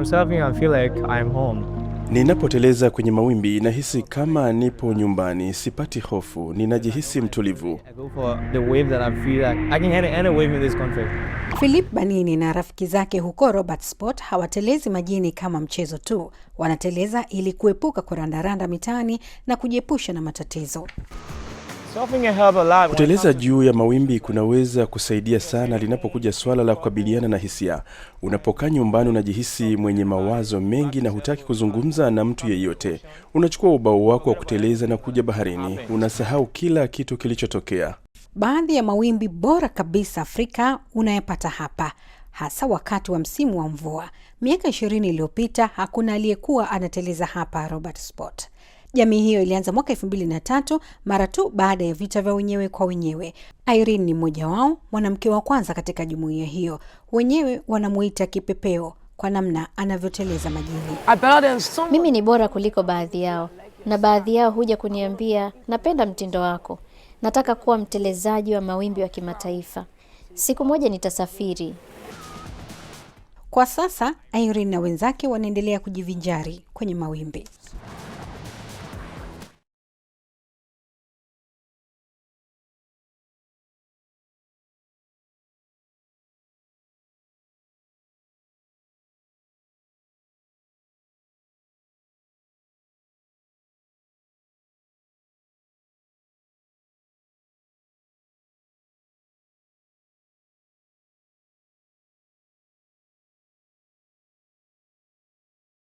I'm surfing feel like I'm home. Ninapoteleza kwenye mawimbi nahisi kama nipo nyumbani, sipati hofu, ninajihisi mtulivu. Philip Banini na rafiki zake huko Robertsport hawatelezi majini kama mchezo tu, wanateleza ili kuepuka kurandaranda mitaani na kujiepusha na matatizo. Kuteleza juu ya mawimbi kunaweza kusaidia sana linapokuja swala la kukabiliana na hisia. Unapokaa nyumbani, unajihisi mwenye mawazo mengi na hutaki kuzungumza na mtu yeyote. Unachukua ubao wako wa kuteleza na kuja baharini, unasahau kila kitu kilichotokea. Baadhi ya mawimbi bora kabisa Afrika unayapata hapa, hasa wakati wa msimu wa mvua. Miaka ishirini iliyopita hakuna aliyekuwa anateleza hapa Robert Sport. Jamii hiyo ilianza mwaka elfu mbili na tatu mara tu baada ya vita vya wenyewe kwa wenyewe. Irene ni mmoja wao, mwanamke wa kwanza katika jumuiya hiyo. Wenyewe wanamuita kipepeo kwa namna anavyoteleza majini. Mimi ni bora kuliko baadhi yao, na baadhi yao huja kuniambia napenda mtindo wako, nataka kuwa mtelezaji wa mawimbi wa kimataifa, siku moja nitasafiri. Kwa sasa Irene na wenzake wanaendelea kujivinjari kwenye mawimbi.